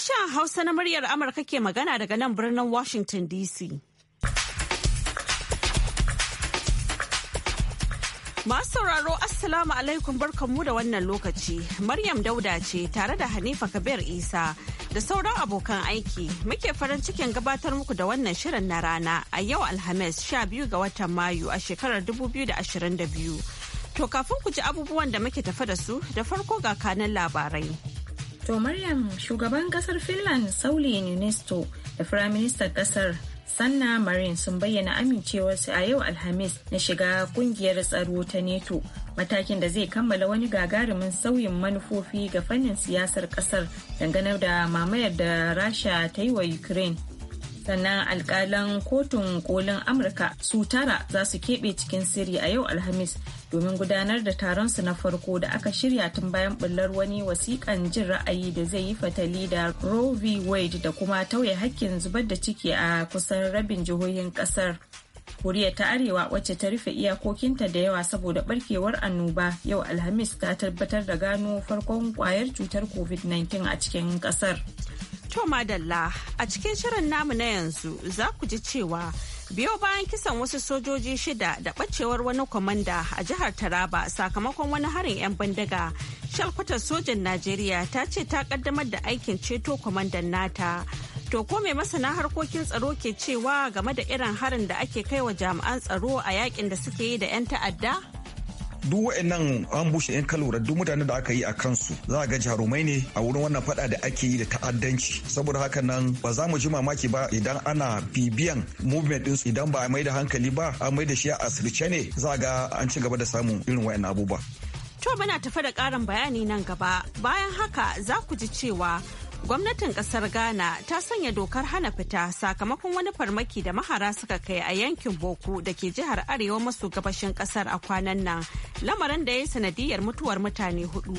Sashen Hausa na muryar Amurka ke magana daga nan birnin Washington DC. Masu sauraro Assalamu alaikum barkanmu da wannan lokaci. Maryam Dauda ce tare da Hanifa Kabir Isa da sauran abokan aiki muke farin cikin gabatar muku da wannan shirin na rana a yau Alhamis 12 ga watan Mayu a shekarar 2022. To kafin ku ji abubuwan da muke tafa da su da farko ga kanan labarai. To Maryam shugaban kasar Finland Sauli unesco da Firaministan kasar Sanna Marin sun bayyana amincewarsu a yau Alhamis na shiga kungiyar tsaro ta neto matakin da zai kammala wani gagarumin sauyin manufofi ga fannin siyasar kasar dangane da mamayar da Rasha ta yi wa Ukraine. sannan alkalan kotun kolin amurka su tara za su keɓe cikin sirri a yau alhamis domin gudanar da taron su na farko da aka shirya tun bayan bullar wani wasiƙan jin ra'ayi da zai yi fatali da roe v wade da kuma tauye hakkin zubar da ciki a kusan rabin jihohin ƙasar koriya ta arewa wacce ta rufe iyakokinta da yawa saboda barkewar annoba yau alhamis ta tabbatar da gano farkon kwayar cutar covid-19 a cikin kasar To madalla a cikin shirin namu na yanzu za ku ji cewa biyo bayan kisan wasu sojoji shida da ɓacewar wani kwamanda a jihar Taraba sakamakon wani harin 'yan bindiga. Shalkwatar sojan Najeriya ta ce ta kaddamar da aikin ceto kwamandan nata. To ko mai masana harkokin tsaro ke cewa game da irin harin da ake kai wa jami'an tsaro a yakin da suke yi da 'yan ta'adda? duk wa'annan an bushe yan kalura duk mutanen da aka yi a kansu za a ga jarumai ne a wurin wannan fada da ake yi da ta'addanci saboda haka nan ba za mu ji mamaki ba idan ana bibiyan movement ɗinsu idan ba a mai da hankali ba a mai da shi a asirce ne za a ga an ci gaba da samun irin wa'annan abubuwa. To muna tafi da karin bayani nan gaba bayan haka za ku ji cewa gwamnatin kasar ghana ta sanya dokar hana fita sakamakon wani farmaki da mahara suka kai a yankin boko da ke jihar arewa maso gabashin kasar a kwanan nan lamarin da ya yi sanadiyar mutuwar mutane hudu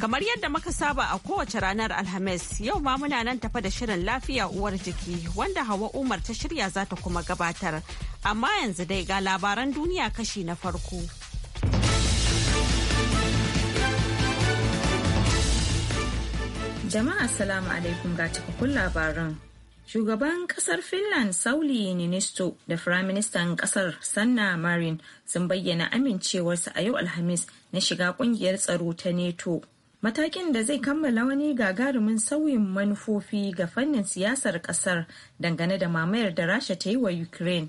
kamar yadda muka saba a kowace ranar alhamis yau ma muna nan tafa da shirin lafiya uwar jiki wanda hawa umar ta shirya za ta kuma gabatar amma yanzu dai ga labaran duniya kashi na farko Jama'a salamu alaikum ga cikakkun labaran. Shugaban kasar Finland Sauli Ninisto da Firaministan kasar Sanna Marin sun bayyana amincewarsa a yau Alhamis na shiga kungiyar tsaro ta neto Matakin da zai kammala wani gagarumin sauyin manufofi ga fannin siyasar kasar dangane da mamayar da Rasha ta yi wa Ukraine.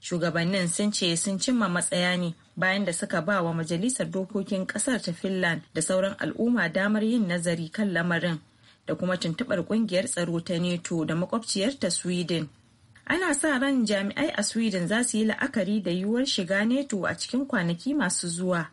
Shugabannin sun ce sun cimma matsaya ne bayan da suka ba wa Majalisar Dokokin Kasar ta Finland da sauran al'umma damar yin nazari kan lamarin da kuma tuntuɓar ƙungiyar tsaro ta neto da makwabciyarta sweden ana sa ran jami'ai a sweden za su yi la'akari da yiwuwar shiga neto a cikin kwanaki masu zuwa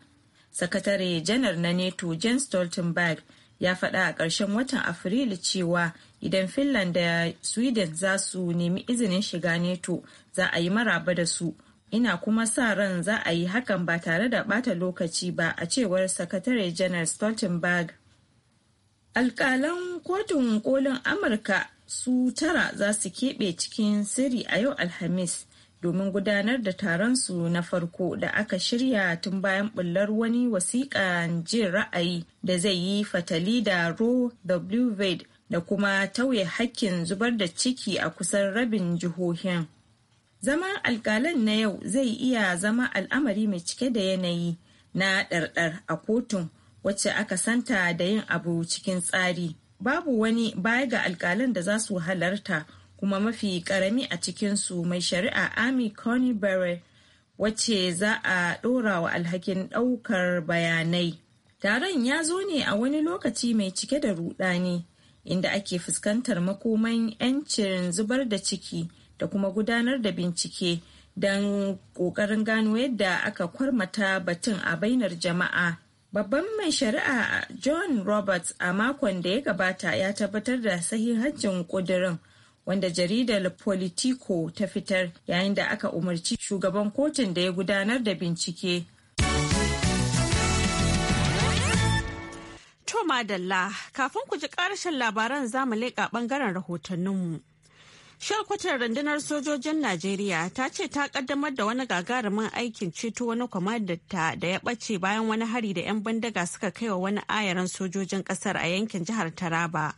sakatare janar na neto jens stoltenberg ya faɗa a ƙarshen watan afrilu cewa idan finland da sweden za su nemi izinin shiga neto za a yi maraba da su ina kuma sa ran za a yi hakan ba tare da ɓata lokaci ba a cewar sakatare janar stoltenberg alƙalan kotun kolin amurka su tara za su keɓe cikin sirri a yau alhamis domin gudanar da taron su na farko da aka shirya tun bayan bullar wani wasiƙan jin ra'ayi da zai yi fatali da roe w wade da kuma tauye hakkin zubar da ciki a kusan rabin jihohin zama alƙalan na yau zai iya zama al'amari mai cike da yanayi na ɗarɗar a kotun wacce aka santa da yin abu cikin tsari babu wani baya ga alkalan da za su halarta kuma mafi karami a cikinsu mai shari'a ami coney barrett wacce za a ɗora wa alhakin ɗaukar bayanai taron ya zo ne a wani lokaci mai cike da rudani inda ake fuskantar makoman 'yancin zubar da ciki da kuma gudanar da bincike don ƙoƙarin gano yadda aka kwarmata batun a bainar jama'a Babban mai shari'a John Roberts a makon da ya gabata ya tabbatar da sahihancin ƙudirin wanda jaridar Politico ta fitar yayin da aka umarci shugaban kotun da ya gudanar da bincike. To Dalla, kafin ku ji ƙarshen labaran zamu leƙa ɓangaren rahotanninmu. Sharkwatar rundunar sojojin Najeriya ta ce ta kaddamar da wani gagarumin aikin ceto wani kwamandanta da ya ɓace bayan wani hari da 'yan bandaga suka kai wa wani ayaran sojojin ƙasar a yankin jihar Taraba.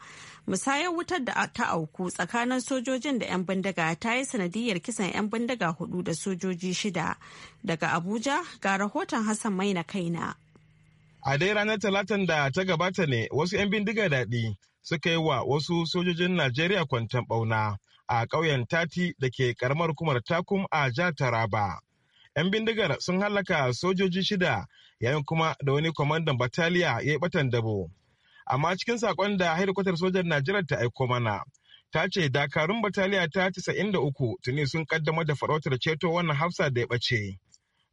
Musayar wutar da ta auku tsakanin sojojin da 'yan bandaga ta yi sanadiyar kisan 'yan bandaga hudu da sojoji shida. Daga Abuja ga rahoton Hassan Maina kaina. A dai ranar Talatan da ta gabata ne wasu 'yan bindiga daɗi suka yi wa wasu sojojin Najeriya kwanton ɓauna. a ƙauyen Tati da ke karamar hukumar Takum a jihar Taraba. 'Yan bindigar sun hallaka sojoji shida yayin kuma da wani kwamandan bataliya ya yi batan dabo. Amma cikin saƙon da hedikwatar sojan Najeriya ta aiko mana, ta ce dakarun bataliya ta casa'in da uku, tuni sun kaddamar da farautar ceto wannan hafsa da ya ɓace.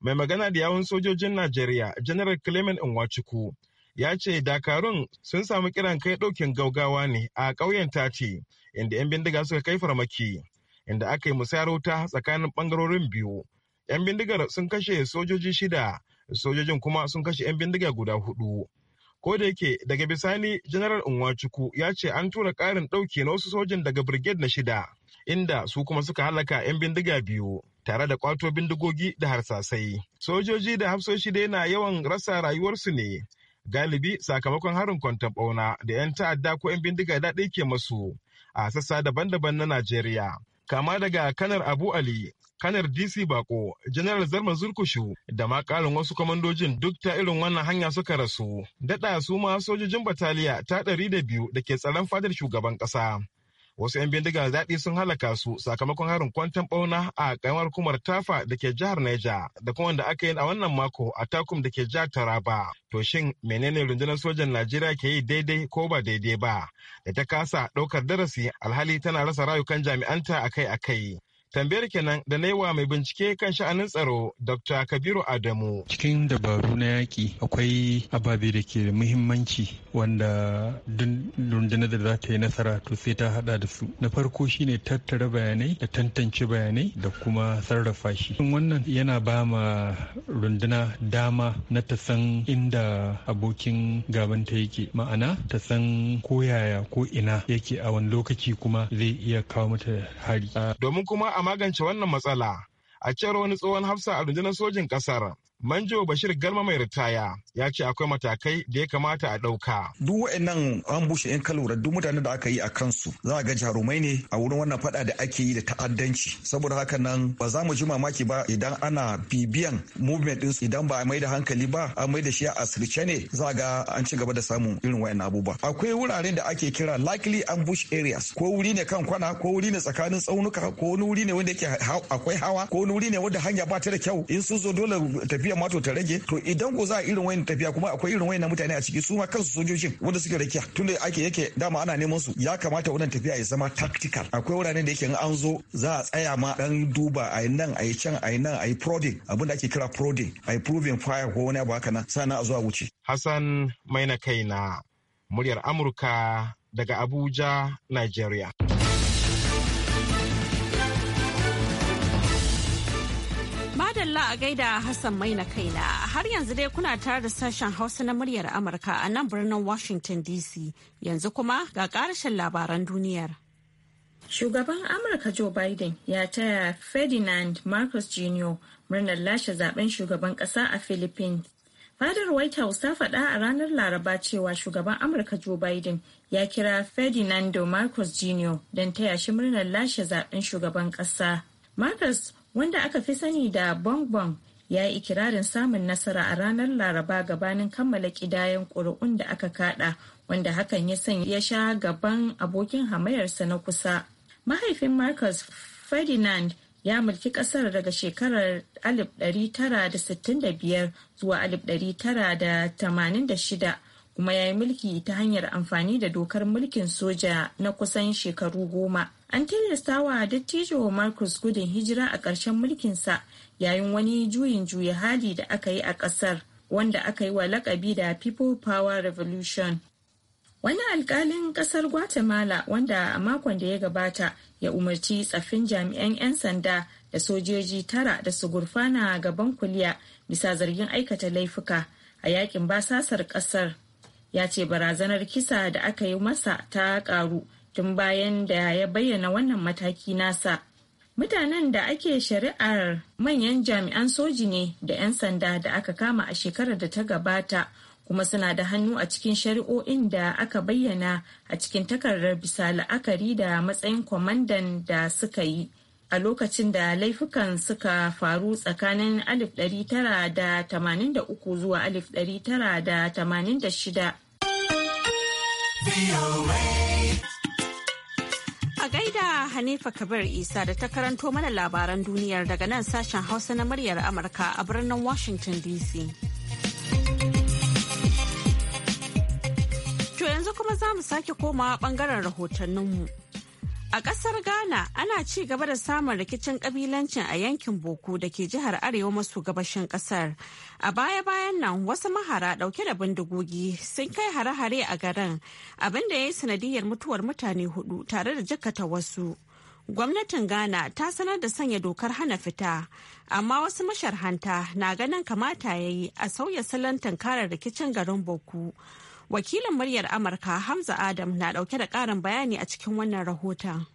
Mai magana da yawun sojojin Najeriya, General Clement Nwachukwu, ya ce dakarun sun samu kiran kai ɗaukin gaugawa ne a ƙauyen tati inda 'yan bindiga suka kai farmaki inda aka yi musayar wuta tsakanin bangarorin biyu 'yan bindigar sun kashe sojoji shida sojojin kuma sun kashe 'yan bindiga guda hudu ko da yake daga bisani janaral unwachuku ya ce an tura ƙarin ɗauke na wasu sojin daga brigade na shida inda su kuma suka halaka 'yan bindiga biyu tare da kwato bindigogi da harsasai sojoji da hafsoshi dai na yawan rasa rayuwarsu ne galibi sakamakon harin kwanton bauna da 'yan ta'adda ko 'yan bindiga daɗi ke masu a sassa daban-daban na Najeriya. Kama daga kanar Abu Ali, kanar DC Bako, General zarman Zurkushu da ma ƙarin wasu kwamandojin duk ta irin wannan hanya suka rasu. Daɗa su ma sojojin bataliya ta ɗari da biyu da ke tsaron fadar shugaban ƙasa. wasu 'yan bindigar daɗi sun halaka su sakamakon harin kwantan ɓauna a ƙaimar kumar tafa da ke jihar Neja da kuma wanda aka yi a wannan mako a takum da ke jihar Taraba. To shin menene rundunar sojan Najeriya ke yi daidai ko ba daidai ba da ta kasa ɗaukar darasi alhali tana rasa rayukan jami'anta akai-akai. Tambayar kenan da naiwa mai bincike kan sha'anin tsaro Dr. Kabiru Adamu. Cikin dabaru na yaƙi akwai ababe da ke da muhimmanci wanda rundunar da za ta yi nasara to sai ta hada da su. Na farko shine tattara bayanai da tantance bayanai da kuma sarrafa shi. Wannan yana ba ma runduna dama na ta san inda abokin gabanta yake ma'ana ta san yaya ko ina yake a wani lokaci kuma zai iya kawo mata hari. Domin kuma a magance wannan matsala a cewar wani tsohon hafsa a rundunar sojin kasar Manjo Bashir Galma mai ritaya ya ce akwai matakai da ya kamata a ɗauka. Duk wa'annan an bushe in ka duk mutanen da aka yi a kansu za a ga jarumai ne a wurin wannan fada da ake yi da ta'addanci. Saboda haka nan ba za mu ji mamaki ba idan ana bibiyan movement ɗinsu idan ba a mai da hankali ba a mai da shi a asirce ne za a ga an ci gaba da samun irin wa'annan abubuwa. Akwai wuraren da ake kira likely ambush areas ko wuri ne kan kwana ko wuri ne tsakanin tsaunuka ko wuri ne wanda yake akwai hawa ko wani wuri ne wanda hanya ba ta da kyau in sun zo dole tafi tafiya ma to ta rage to idan ko za a irin wayan tafiya kuma akwai irin wayan mutane a ciki su ma kansu sojojin wanda suke rakiya tunda ake yake dama ana neman su ya kamata wannan tafiya ya zama tactical akwai wuraren da yake in an zo za a tsaya ma dan duba a nan a can a nan a yi prodding abin da ake kira prodding a yi proving fire ko wani abu haka nan sana a zuwa wuce hassan maina kaina muryar amurka daga abuja nigeria Madalla a gaida Hassan mai na kaina har yanzu dai kuna tare da sashen Hausa na muryar Amurka a nan birnin Washington DC yanzu kuma ga karashen labaran duniyar. Shugaban Amurka Joe Biden ya taya Ferdinand Marcos Jr. murnar lashe zaben shugaban ƙasa a Philippines. Fadar White House ta faɗa a ranar Laraba cewa shugaban Amurka Joe Biden ya kira Ferdinando Marcos Jr. don taya shi murnar lashe zaben shugaban ƙasa. Marcos wanda aka fi sani da bongbong ya yi ikirarin samun nasara a ranar laraba gabanin kammala kidayen ƙuri'un da aka kada wanda hakan ya sanya ya sha gaban abokin hamayarsa na kusa mahaifin marcus ferdinand ya mulki kasar daga shekarar 1965 zuwa 1986 kuma ya yi mulki ta hanyar amfani da dokar mulkin soja na kusan shekaru goma. An tilasta wa dattijo Marcus gudun hijira a ƙarshen mulkinsa yayin wani juyin juya hali da aka yi a ƙasar wanda aka yi wa lakabi da People Power Revolution. Wani alkalin ƙasar Guatemala wanda a makon da ya gabata ya umarci tsaffin jami'an 'yan sanda da sojoji tara da su gurfana gaban kuliya bisa zargin aikata laifuka a yakin basasar ƙasar ya ce barazanar kisa da aka yi masa ta karu tun bayan da ya bayyana wannan mataki nasa mutanen da ake shari'ar manyan jami'an soji ne da 'yan sanda da aka kama a shekarar da ta gabata kuma suna da hannu a cikin shari'o'in da aka bayyana a cikin takardar bisa la'akari da matsayin kwamandan da suka yi a lokacin da laifukan suka faru tsakanin 1983 zuwa 1986. A gaida Hanifa Kabir Isa da ta karanto mana labaran duniyar daga nan sashen Hausa na muryar Amurka a birnin Washington DC. To yanzu kuma za mu sake koma bangaren rahotanninmu. A ƙasar Ghana ana ci gaba da samun rikicin ƙabilancin a yankin Boko da ke jihar Arewa maso gabashin ƙasar. A baya-bayan nan wasu mahara ɗauke da bindigogi sun kai hare-hare a garin abinda ya yi sanadiyar mutuwar mutane hudu tare da jikkata wasu. Gwamnatin Ghana ta sanar da sanya dokar hana fita, amma wasu masharhanta na ganin kamata ya yi a sauya salon tankarar rikicin garin Boko. Wakilin muryar Amurka Hamza Adam na ɗauke da ƙarin bayani a cikin wannan rahoton.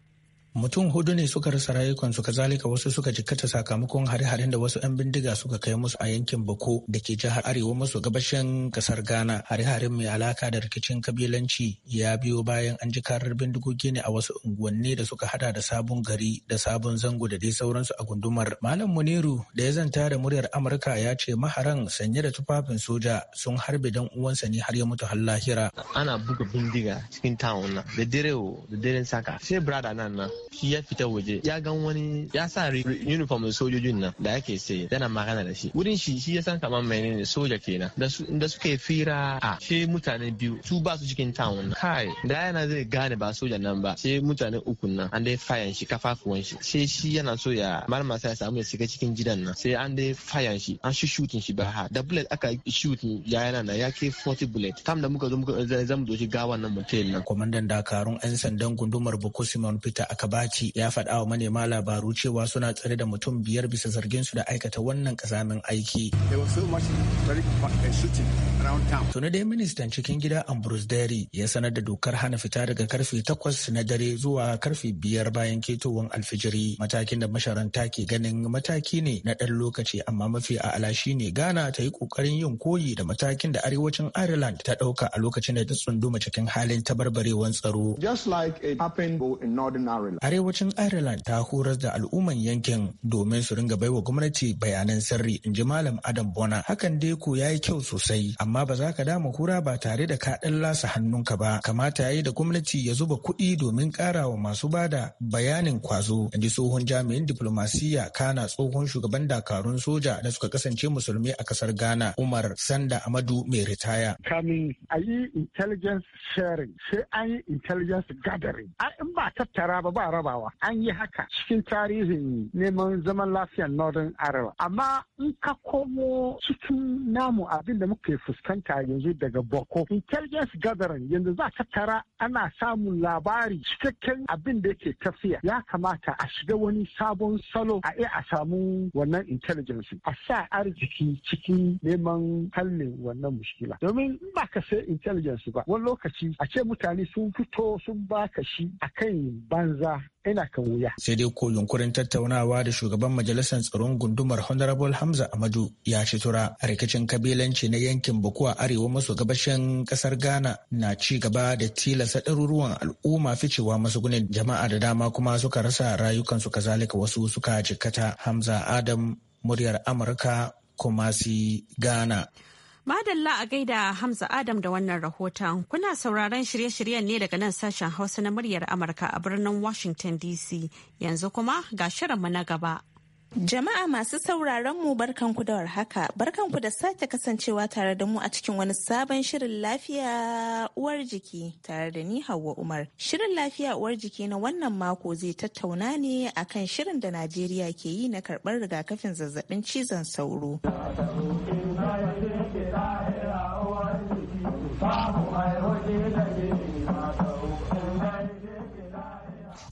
mutum hudu ne suka rasa rayukansu kazalika wasu suka jikkata sakamakon hare-haren da wasu 'yan bindiga suka kai musu a yankin bako da ke jihar arewa maso gabashin kasar ghana hare-haren mai alaka da rikicin kabilanci ya biyo bayan an ji karar bindigogi ne a wasu unguwanni da suka hada da sabon gari da sabon zango da dai sauransu a gundumar malam muniru da ya zanta da muryar amurka ya ce maharan sanye da tufafin soja sun harbe dan uwansa ne har ya mutu har lahira ana buga bindiga cikin town na da dare da daren saka sai brada nan na shi ya fita waje ya gan wani ya sa uniform sojojin nan da ake sai yana magana da shi wurin shi shi ya san kamar ne soja kenan da suke fira a she mutane biyu su ba su cikin town kai da yana zai gane ba soja nan ba she mutane uku nan an dai fayan shi kafafuwan shi she shi yana so ya malama sai ya samu ya shiga cikin gidan nan sai an dai fayan shi an shi shooting shi ba ha da bullet aka shooting ya yana na ya ke 40 bullet tam da muka zo muka zamu doshi gawan nan mutane nan komandan dakarun 'yan sandan gundumar Boko Simon Peter aka ba ɓaci ya faɗa wa manema labaru cewa suna tsare da mutum biyar bisa zargin su da aikata wannan kazamin aiki. Eh, Tuni dai ministan cikin gida Ambrose Derry ya sanar da dokar hana fita daga karfe takwas na dare zuwa karfe biyar bayan ketowar alfijiri matakin da masharanta ke ganin mataki ne na ɗan lokaci amma mafi a'ala ne, Ghana ta yi ƙoƙarin yin koyi da matakin da arewacin Ireland ta ɗauka a lokacin da ta tsunduma cikin halin tabarbarewan tsaro. arewacin Ireland ta horar da al'umman yankin domin su ringa baiwa gwamnati bayanan sirri in ji Malam Adam Bona. Hakan dai ko ya yi kyau sosai amma ba za ka dama kura ba tare da kaɗan lasa hannunka ba. Kamata ya yi da gwamnati ya zuba kuɗi domin ƙara wa masu ba da bayanin kwazo. In ji tsohon jami'in diplomasiyya kana tsohon shugaban dakarun soja da suka kasance musulmi a ƙasar Ghana Umar Sanda Amadu mai ritaya. Kamin a yi intelligence sharing sai an yi intelligence gathering. in ba tattara ba ba rabawa an yi haka cikin tarihin neman zaman lafiyar northern arewa amma in ka komo cikin namu abin da muke fuskanta yanzu daga boko intelligence gathering yanzu za ka tara ana samun labari cikakken abin da yake tafiya ya kamata a shiga wani sabon salo a iya a samu wannan intelligence a sa arziki cikin neman hallin wannan mushkila domin ba ka sai intelligence ba wani lokaci a ce mutane sun fito sun baka shi akan banza ina kan wuya. Sai dai ko yunkurin tattaunawa da shugaban majalisar tsaron gundumar Honorable Hamza Amadu ya ci tura rikicin kabilanci na yankin Bukuwa arewa maso gabashin kasar Ghana na ci gaba da tilasta ɗaruruwan al'umma ficewa masu gunin jama'a da dama kuma suka rasa rayukansu kazalika wasu suka jikkata Hamza Adam muryar Amurka Kumasi Ghana. Madalla a gaida Hamza Adam da wannan rahoton. Kuna sauraron shirye-shiryen ne daga nan sashen Hausa na muryar Amurka a birnin Washington DC. Yanzu kuma ga shirinmu na gaba. Jama'a masu sauraron mu barkanku da warhaka, barkanku da sake kasancewa tare da mu a cikin wani sabon shirin lafiya uwar jiki tare da ni Hauwa Umar. Shirin lafiya uwar jiki na wannan mako zai tattauna ne akan shirin da Najeriya ke yi na karɓar rigakafin zazzabin cizon sauro.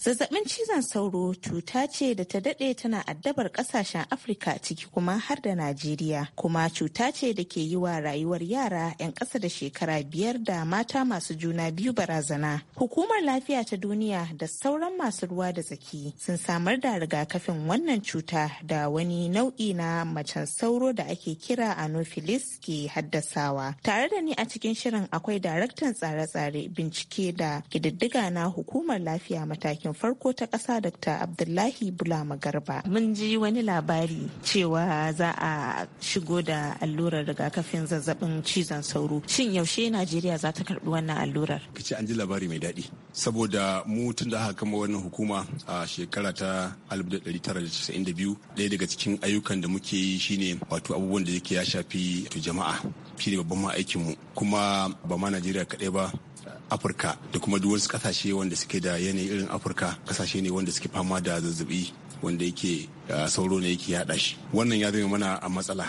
Zazzabin cizon sauro cuta ce da ta dade tana addabar ƙasashen Afirka ciki kuma har da Najeriya. Kuma cuta ce da ke yi wa rayuwar yara 'yan ƙasa da shekara biyar da mata masu juna biyu barazana. Hukumar lafiya ta duniya da sauran masu ruwa da tsaki sun samar da rigakafin wannan cuta da wani nau'i na macen sauro da ake kira anopheles ke haddasawa. Tare da ni a cikin shirin akwai daraktan tsare-tsare bincike da ƙididdiga na hukumar lafiya matakin gwamnatin farko ta ƙasa Dr. Abdullahi Bulama Garba. Mun ji wani labari cewa za a shigo da allurar rigakafin zazzabin cizon sauro. Shin yaushe Najeriya za ta karɓi wannan allurar? ce an ji labari mai daɗi. Saboda mu tun da aka kama wannan hukuma a shekara ta 1992 ɗaya daga cikin ayyukan da muke yi shine wato abubuwan da yake ya shafi jama'a. shine babban ma aikinmu kuma ba ma Najeriya kaɗai ba afirka da kuma duk wasu kasashe wanda suke da yanayi irin afirka kasashe ne wanda suke fama da zazzabi wanda yake sauro ne yake yaɗa shi wannan ya zama mana a matsala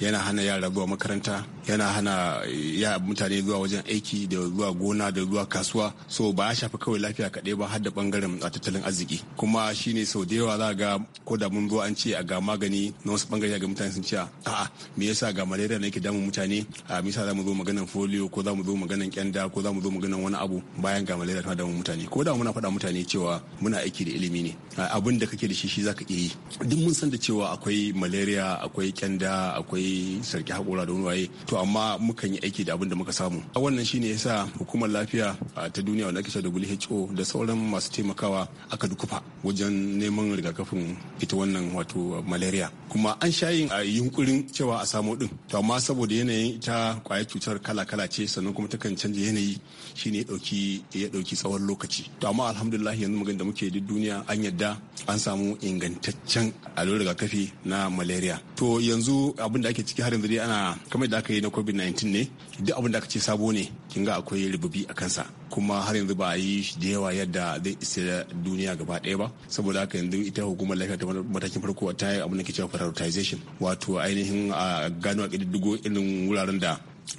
yana hana yara zuwa makaranta yana hana eh, ya mutane zuwa wajen aiki da zuwa gona da zuwa kasuwa so ba ya shafi kawai lafiya kaɗai ba har da bangaren ah, tattalin arziki kuma shine sau da yawa za ga ko da mun zo an ce a ga magani na wasu bangare ga mutane sun ce a'a me yasa ga malaria ne yake damun mutane a misa za mu zo maganan folio ko za mu zo maganan kyanda ko za mu zo maganan wani abu bayan ga malaria tana damun mutane ko da muna faɗa mutane cewa muna aiki da ilimi ne abin da kake da shi shi zaka iya yi duk mun san da cewa akwai malaria akwai kyanda akwai sarki hakora da wani waye to amma mukan yi aiki da abin da muka samu a wannan shine yasa hukumar lafiya ta duniya wanda ake da WHO da sauran masu taimakawa aka dukufa wajen neman rigakafin ita wannan wato malaria kuma an sha yin yunkurin cewa a samo din to amma saboda yanayin ita kwayar cutar kala-kala ce sannan kuma takan canja yanayi shine ya dauki tsawon lokaci to amma alhamdulillah yanzu magana da muke duk duniya an yadda an samu ingantaccen allurar rigakafi na malaria to yanzu abin da ake ciki har yanzu dai ana kamar da aka yi na covid-19 ne duk abin da aka ce sabo ne kin ga akwai rububi a kansa kuma har yanzu ba a yi shi da yawa yadda zai isa duniya gaba ɗaya ba saboda haka yanzu ita hukumar lafiya ta matakin farko ta yi abin da ke cewa prioritization wato ainihin a gano a ƙididdigo irin wuraren da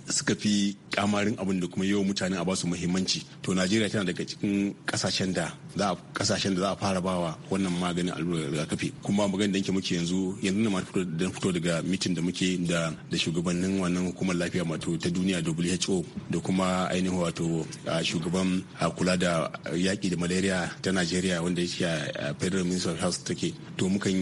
suka fi kamarin abin da kuma yawan mutane a basu muhimmanci to najeriya tana daga cikin kasashen da za a kasashen da za a fara bawa wannan maganin allurar rigakafi kuma maganin da muke yanzu yanzu na fito da fito daga mitin da muke da da shugabannin wannan hukumar lafiya mato ta duniya WHO da kuma ainihin wato shugaban kula da yaki da malaria ta najeriya wanda yake a federal minister of health take to mukan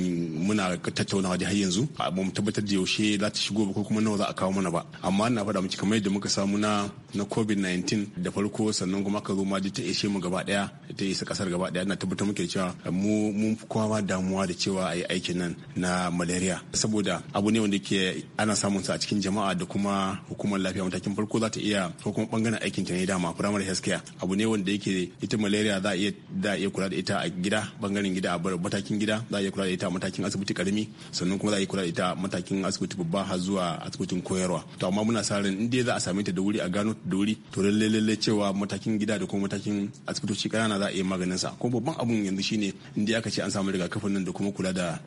muna tattaunawa da har yanzu ba mu tabbatar da yaushe za ta shigo ba ko kuma nawa za a kawo mana ba amma na faɗa faɗa miki kamar yadda muka samu na na covid-19 da farko sannan kuma aka zo ma ta ishe mu gaba daya ta isa kasar gaba daya na tabbatar muke cewa mu mun kowa damuwa da cewa a yi aikin nan na malaria saboda abu ne wanda ke ana samun sa a cikin jama'a da kuma hukumar lafiya matakin farko za ta iya ko kuma bangaren aikin ta ne dama primary health care abu ne wanda yake ita malaria za a iya za iya kula da ita a gida bangaren gida a matakin gida za a iya kula da ita a matakin asibiti karami sannan kuma za a iya kula da ita a matakin asibiti babba har zuwa asibitin koyarwa to amma muna sa maganin in dai za a same ta da wuri a gano da wuri to lalle lalle cewa matakin gida da kuma matakin asibitoci kanana za a yi maganin sa kuma babban abun yanzu shine in dai aka ce an samu rigakafin nan da kuma kula da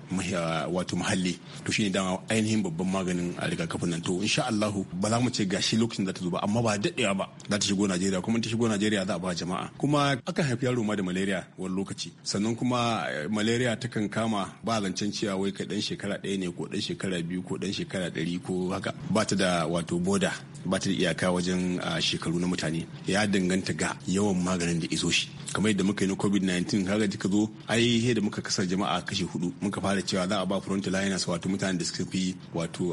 wato muhalli to shine dama ainihin babban maganin a rigakafin nan to insha Allah ba za mu ce gashi lokacin da ta zo ba amma ba daɗewa ba za ta shigo Najeriya kuma ta shigo Najeriya za a ba jama'a kuma aka haifi yaro ma da malaria wani lokaci sannan kuma eh, malaria ta kan kama ba zancen cewa wai kai dan shekara ɗaya ne ko dan shekara biyu ko dan shekara ɗari ko haka ba ta da wato oda ba ta da iyaka wajen shekaru na mutane ya danganta ga yawan maganin da iso shi kamar yadda muka yi na covid-19 kaga duka zo ai da muka kasar jama'a kashe hudu muka fara cewa za a ba frontal liners wato mutanen da suka fi wato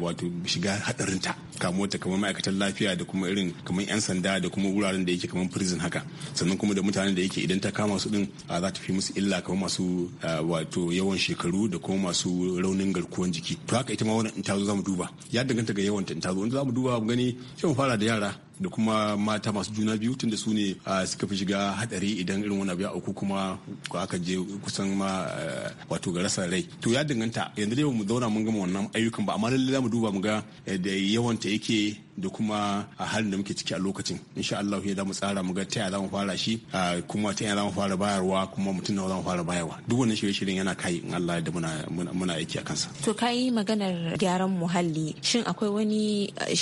wato shiga hadarin ta kamuwa ta kamar ma'aikatan lafiya da kuma irin kamar yan sanda da kuma wuraren da yake kamar prison haka sannan kuma da mutanen da yake idan ta kama su din za ta fi musu illa kamar masu wato yawan shekaru da kuma masu raunin garkuwan jiki to haka ita ma wannan in ta zo za mu duba ya danganta ga yawan ta in ta zo za mu duba mu gani sai mu fara da yara da kuma mata masu juna biyu tunda su ne suka fi shiga hadari idan irin wani abu ya auku kuma aka je kusan ma wato ga rasa rai to ya danganta yanzu dai mu zauna mun gama wannan ayyukan ba amma lallai za mu duba mu ga da yawan ta yake da kuma a halin da muke ciki a lokacin insha Allah ya mu tsara mu ga ta yaya mu fara shi kuma ta yaya mu fara bayarwa kuma mutum nawa mu fara bayarwa duk wannan shirye-shiryen yana kai in Allah da muna muna aiki a kansa to kai maganar gyaran muhalli shin akwai wani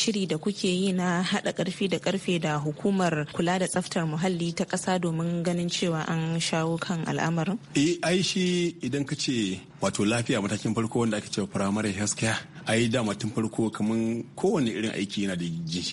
shiri da kuke yi na hada karfi da karfe da hukumar kula da tsaftar muhalli ta kasa domin ganin cewa an shawo kan al'amarin? Eh, aishi idan ka ce wato lafiya matakin farko wanda ake cewa primary health care a yi dama tun farko kamar kowane irin aiki yana da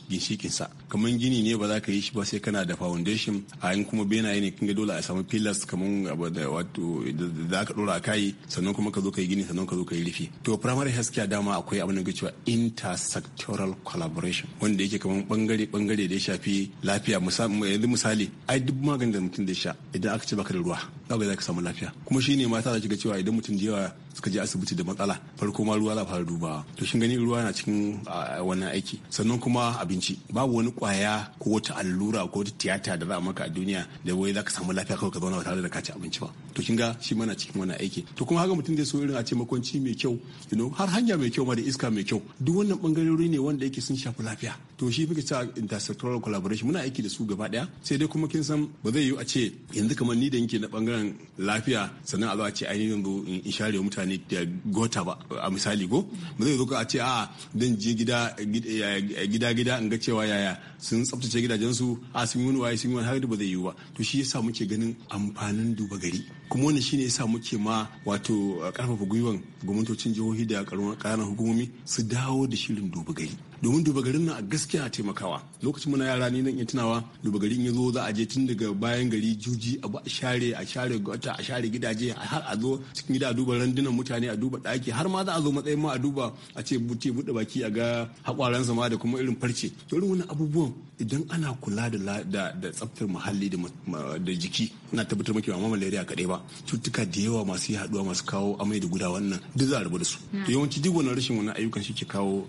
ginshikinsa kamar gini ne ba za ka yi shi ba sai kana da foundation a yin kuma benaye ne kinga dole a samu pillars kamar da wato za ka dora kai sannan kuma ka zo ka yi gini sannan ka zo ka yi rufi to primary healthcare dama akwai abin da cewa intersectoral collaboration wanda yake kamar bangare bangare da ya shafi lafiya yanzu misali ai duk maganin da mutum da sha idan aka ce baka da ruwa za ka samu lafiya kuma shine mata da cewa idan mutum da yawa suka je asibiti da matsala farko ma ruwa za fara dubawa to shin gani ruwa na cikin wannan aiki sannan kuma abinci babu wani kwaya ko wata allura ko wata tiyata da za a maka a duniya da wai za ka samu lafiya kawai ka zauna ba tare da ka ci abinci ba to kin ga shi mana cikin wannan aiki to kuma haka mutum zai so irin a ce makwanci mai kyau you know har hanya mai kyau ma da iska mai kyau duk wannan bangarori ne wanda yake sun shafi lafiya to shi fi ta intersectoral collaboration muna aiki da su gaba daya sai dai kuma kin san ba zai yiwu a ce yanzu kamar ni da yake na bangaren lafiya sannan a zo a ce ainihin yanzu in share mutane mutane da gota ba a misali ko ba zai zo a ce a dan je gida eh, gida gida in ga cewa yaya sun tsaftace gidajensu a sun yi wani sun yi wani har ba zai yi ba to shi yasa muke ganin amfanin duba gari kuma ne ya sa muke ma wato karfafa gwiwan gwamnatocin jihohi da ƙananan hukumomi su dawo da shirin duba gari domin duba garin nan a gaskiya taimakawa lokacin muna yara ne nan iya tunawa duba garin ya zo za a je tun daga bayan gari juji a a share a share gota a share gidaje har a zo cikin gida a duba randunan mutane a duba daki har ma za a zo matsayin ma a duba a ce buɗe baki a ga hakwaransa zama da kuma irin farce to irin wani abubuwan idan ana kula da da tsaftar muhalli da jiki na tabbatar maki ba malaria kaɗai ba cutuka da yawa masu yi haɗuwa masu kawo amai da guda wannan duk za a rabu da su yawanci duk wannan rashin wannan ayyukan shi ke kawo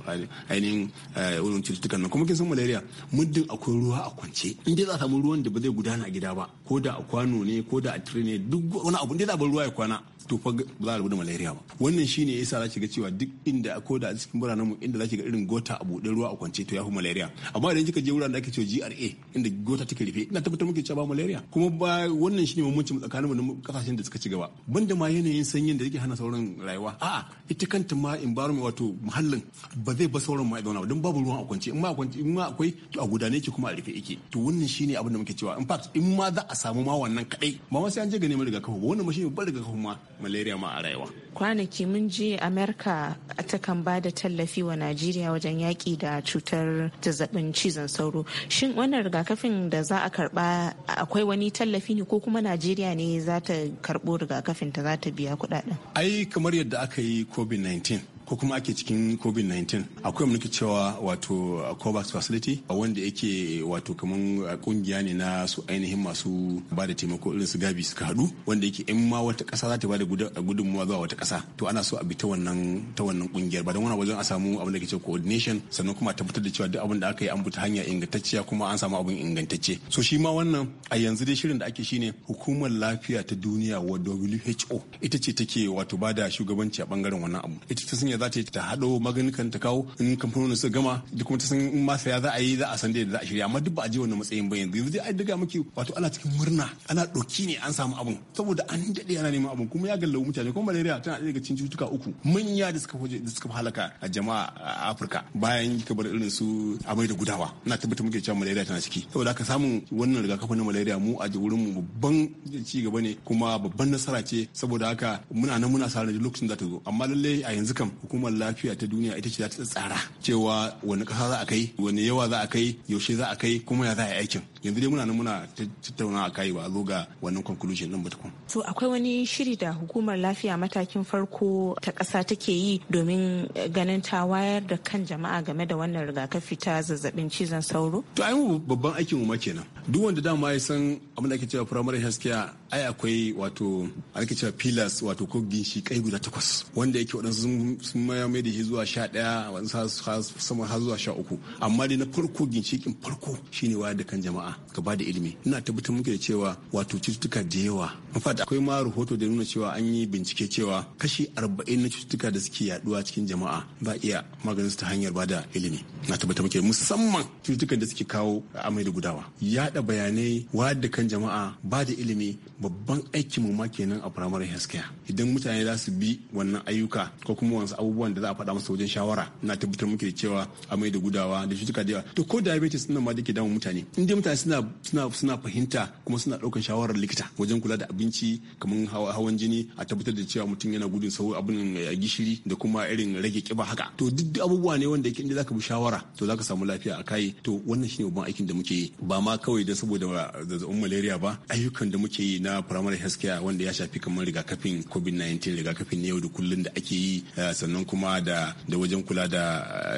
ainihin wannan cututtukan nan kuma kin san malaria muddin akwai ruwa a kwance in dai za a samu ruwan da ba zai gudana a gida ba ko da a kwano ne ko da a tire ne duk wani abu dai za a bar ruwa ya kwana to fa ba za a rabu da malaria ba wannan shine yasa zaki ga cewa duk inda ko da a cikin biranen mu inda zaki ga irin gota a bude ruwa a kwance to ya fi malaria amma idan kika je wuraren da ake cewa GRA inda gota take rufe ina tabbatar muke cewa ba malaria kuma ba wannan shine cin tsakanin mu kasashen da suka ci gaba banda ma yanayin sanyin da yake hana sauran rayuwa a'a ita kanta ma environment wato muhallin ba zai ba sauran ma zauna don babu ruwan a kwance in ma kwance in ma akwai to a gudane yake kuma a rufe yake to wannan shine abin da muke cewa in fact in ma za a samu ma wannan kadai ma sai an je ga neman rigakafi wannan ma shine babban rigakafi ma malaria ma a rayuwa. kwanaki mun je amerika takan ba da tallafi wa najeriya wajen yaƙi da cutar zazzabin cizon sauro shin wannan rigakafin da za a karba akwai wani tallafi ne ko kuma najeriya ne za ta karbo rigakafin ta za ta biya kudaden ai kamar yadda aka yi covid-19 ko kuma ake cikin covid-19 akwai muke cewa wato uh, covax facility uh, wanda yake uh, wato kamar kungiya ne na su ainihin masu ba da taimako irin su gabi suka haɗu wanda yake in ma wata ƙasa za ta ba da gudunmuwa zuwa wata kasa to ana so a bi ta wannan ta wannan kungiyar ba don wani wajen a samu abin da ke ce coordination sannan kuma a tabbatar da cewa duk abin da aka yi an bi ta hanya ingantacciya kuma an samu abin ingantacce so shi ma wannan a yanzu dai shirin da ake shine hukumar lafiya ta duniya wa WHO ita ce take wato ba da shugabanci a bangaren wannan abu ita ta sanya ya za ta yi ta haɗo maganin ta kawo in kamfanonin su gama duk kuma ta san in ma saya za a yi za a san da za a shirya amma duk ba a je wannan matsayin ba yanzu yanzu dai an daga miki wato ana cikin murna ana ɗoki ne an samu abun saboda an daɗe ana neman abun kuma ya gallawu mutane kuma malaria tana ɗaya daga cikin cutuka uku manya da suka da suka halaka a jama'a a Afirka bayan ka bar irin su amai da gudawa na tabbatar muke cewa malaria tana ciki saboda haka samun wannan rigakafi na malaria mu a wurin mu babban ci gaba ne kuma babban nasara ce saboda haka muna nan muna sa ran lokacin za ta zo amma lalle a yanzu kam hukumar lafiya ta duniya ita ce za ta tsara cewa wani kasa za a kai wani yawa za a kai yaushe za a kai kuma ya za a yi aikin yanzu dai muna nan muna tattauna a kai ba a zo ga wannan conclusion din ba to akwai wani shiri da hukumar lafiya matakin farko ta kasa take yi domin ganin ta wayar da kan jama'a game da wannan rigakafi ta zazzabin cizon sauro. to ai babban aikin mu ma kenan duk wanda dama ya san abin da ake cewa primary health care ai akwai wato ake cewa pillars wato ko ginshi kai guda takwas wanda yake waɗansu sun maya mai da shi zuwa sha ɗaya waɗansu sama har zuwa sha uku amma dai na farko ginshikin farko shine wayar da kan jama'a ka ba da ilimi ina tabbatar muke da cewa wato cututtuka da yawa in akwai ma rahoto da nuna cewa an yi bincike cewa kashi arba'in na cututtuka da suke yaduwa cikin jama'a ba iya maganin su ta hanyar ba da ilimi na tabbatar muke musamman cututtukan da suke kawo amai da gudawa yada bayanai wayar da kan jama'a ba da ilimi babban aikin mu ma kenan a primary health idan mutane za su bi wannan ayyuka ko kuma wasu abubuwan da za a faɗa masa wajen shawara na tabbatar muke cewa amai da gudawa da cututtuka da yawa to ko diabetes nan ma da ke damun mutane in dai mutane suna suna fahimta kuma suna ɗaukar shawarar likita wajen kula da abinci kamar hawan jini a tabbatar da cewa mutum yana gudun sau abin eh, gishiri da kuma irin rage kiba haka to duk abubuwa ne wanda yake inda zaka bi shawara to zaka samu lafiya a kai to wannan shine babban aikin da muke yi ba ma kawai da saboda zazzabin malaria ba ayyukan da muke yi na primary health care wanda ya shafi kamar rigakafin covid-19 rigakafin na yau da kullun da ake yi eh, sannan kuma da wajen kula da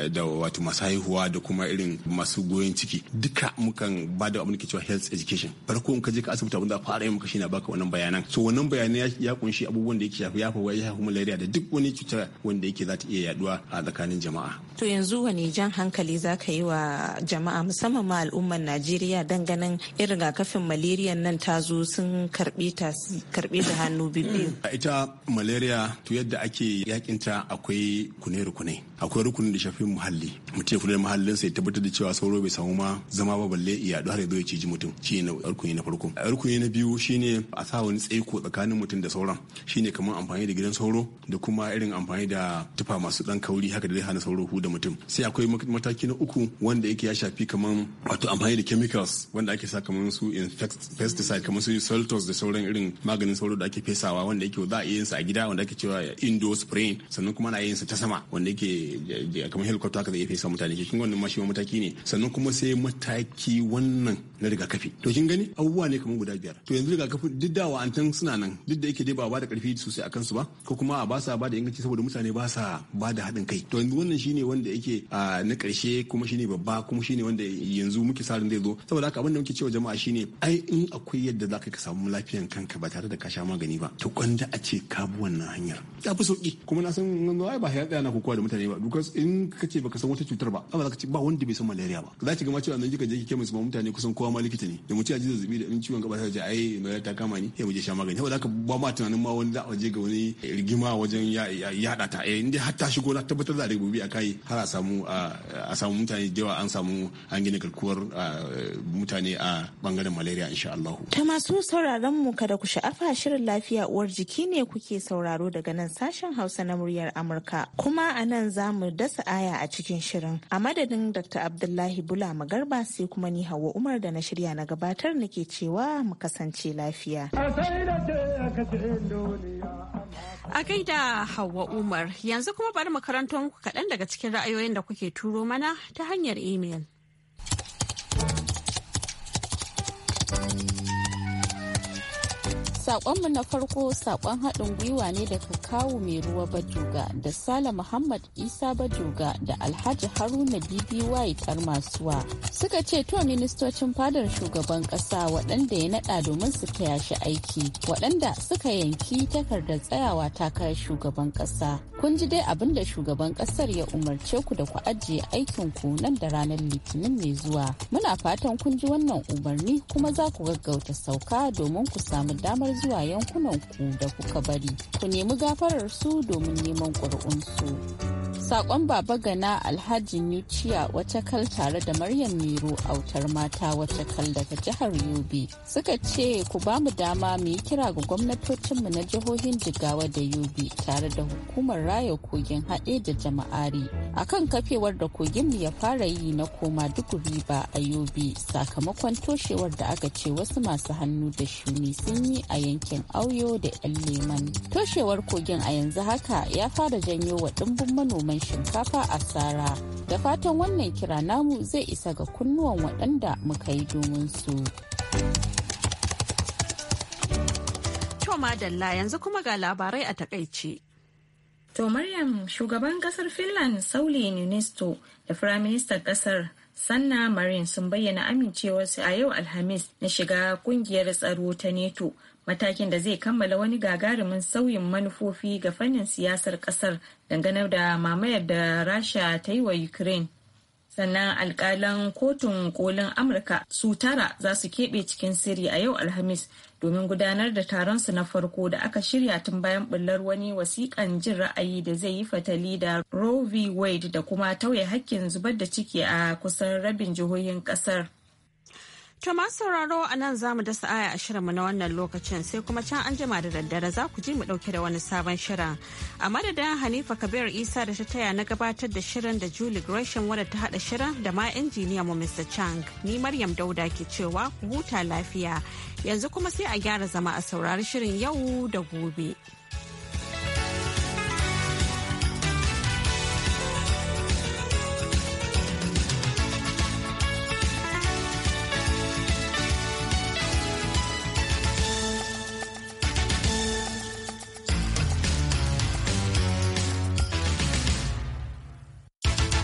eh, da wato masu haihuwa da kuma irin masu goyon ciki duka mukan ba da abin da cewa health education farko in ka je ka asibiti abin da fara yi muka shine baka wannan bayanan so wannan bayanan ya kunshi abubuwan da yake shafi ya fawa ya malaria da duk wani cuta wanda yake za ta iya yaduwa a tsakanin jama'a to yanzu wani jan hankali za ka yi wa jama'a musamman ma al'ummar Najeriya danganin irin rigakafin malaria nan ta zo sun karbe ta hannu biyu a ita malaria to yadda ake yakin ta akwai kune rukune akwai rukunin da shafi muhalli mutum ya kula da muhallin sai tabbatar da cewa sauro bai samu ma zama ba balle iya har ya zo ya ciji mutum shi ne rukuni na farko rukuni na biyu shine a sa wani tsaiko tsakanin mutum da sauran shine kamar amfani da gidan sauro da kuma irin amfani da tufa masu dan kauri haka da zai hana sauro hu da mutum sai akwai mataki na uku wanda yake ya shafi kamar wato amfani da chemicals wanda ake sa kamar su pesticide kamar su saltos da sauran irin maganin sauro da ake fesawa wanda yake za a yin sa a gida wanda ake cewa indo spray sannan kuma na yin sa ta sama wanda yake eh, kamar helicopter haka zai fesa mutane kin wannan mashi mataki ne sannan kuma sai mataki wannan na rigakafi to kin gani abubuwa ne kamar guda biyar to yanzu rigakafin duk da wa'antan suna nan duk da yake dai ba ba da karfi sosai akan su ba ko kuma a ba sa ba da inganci saboda mutane ba sa ba da haɗin kai to yanzu wannan shine wanda yake na karshe kuma shine babba kuma shine wanda yanzu muke sa ran zai zo saboda haka abinda muke cewa jama'a shine ai in akwai yadda zaka ka samu lafiyan kanka ba tare da ka sha magani ba to kwanda a ce ka bi wannan hanyar ta fi sauki kuma na san ai ba ya na kokowa da mutane ba dukas in kace baka san wata cutar ba ba za ka ce ba wanda bai san malaria ba za ki ga ma cewa nan kika je kemis musu mutane kusan ko kowa ma likita ne da mutum ya ji zazzabi da in ciwon gaba ta ya ai malaria ta kama ni sai mu je sha magani saboda haka ba ma tunanin ma wani za a je ga wani rigima wajen yada ta eh inda har ta shigo na tabbatar da rububi a kai har a samu a samu mutane da yawa an samu an gina garkuwar mutane a bangaren malaria insha Allah ta masu sauraron mu kada ku sha'afa shirin lafiya uwar jiki ne kuke sauraro daga nan sashen Hausa na muryar Amurka kuma a nan za mu dasa aya a cikin shirin a madadin Dr. Abdullahi Bula Magarba sai kuma ni Hauwa Umar da na shirya na gabatar nake cewa mu kasance lafiya. A kai da Hauwa Umar yanzu kuma bari makarantar kaɗan daga cikin ra'ayoyin da kuke turo mana ta hanyar imel. Sakonmu na farko sakon haɗin gwiwa ne daga kawu mai ruwa Bajoga da Sala Muhammad Isa Bajoga da Alhaji Haruna BBY Tarmasuwa. Suka ce to ministocin fadar shugaban ƙasa waɗanda ya naɗa domin su taya shi aiki waɗanda suka yanki takardar tsayawa takarar shugaban ƙasa. Kun ji dai abin da shugaban ƙasar ya umarce ku da ku ajiye aikin ku nan da ranar Litinin mai zuwa. Muna fatan kun ji wannan umarni kuma za ku gaggauta sauka domin ku samu damar zuwa yankunan ku da kuka bari ku nemi gafararsu domin neman ƙuri'unsu. Sakon Baba Gana Alhaji Nuciya wata kal tare da Maryam Miro autar mata wata kal daga jihar Yobe suka ce ku ba mu dama mu yi kira ga gwamnatocinmu na jihohin Jigawa da Yobe tare da hukumar raya kogin haɗe da jama'ari akan kafewar da koginmu ya fara yi na koma duk riba a Yobe sakamakon toshewar da aka ce wasu masu hannu da shuni sun yi a yankin Auyo da 'yan Leman. Toshewar kogin a yanzu haka ya fara janyo wa ɗumbin manoman man shinkafa a sara da fatan wannan kira namu zai isa ga kunnuwan waɗanda muka yi domin su. madalla yanzu kuma ga labarai a takaice. To Maryam shugaban kasar Finland Sauli Niinisto da Firaministan kasar Sanna Marin sun bayyana amincewarsu a yau Alhamis na shiga kungiyar tsaro ta NATO matakin da zai kammala wani gagarumin sauyin manufofi ga fannin siyasar kasar dangane da mamayar da rasha ta yi wa ukraine sannan alkalan kotun kolin amurka su tara za su keɓe cikin sirri a yau alhamis domin gudanar da taron su na farko da aka shirya tun bayan bullar wani wasiƙan jin ra'ayi da zai yi fatali da roe v wade da kuma tauye hakkin zubar da ciki a kusan rabin jihohin ƙasar To masu sauraro a nan za mu dasa aya a shirin mu na wannan lokacin sai kuma can an jima da daddare za ku ji mu dauke da wani sabon shirin. A madadin Hanifa Kabir Isa da ta taya na gabatar da shirin da Julie Gresham wadda ta hada shirin da ma injiniya mu Mr. Chang. Ni Maryam Dauda ke cewa ku huta lafiya. Yanzu kuma sai a gyara zama a saurari shirin yau da gobe.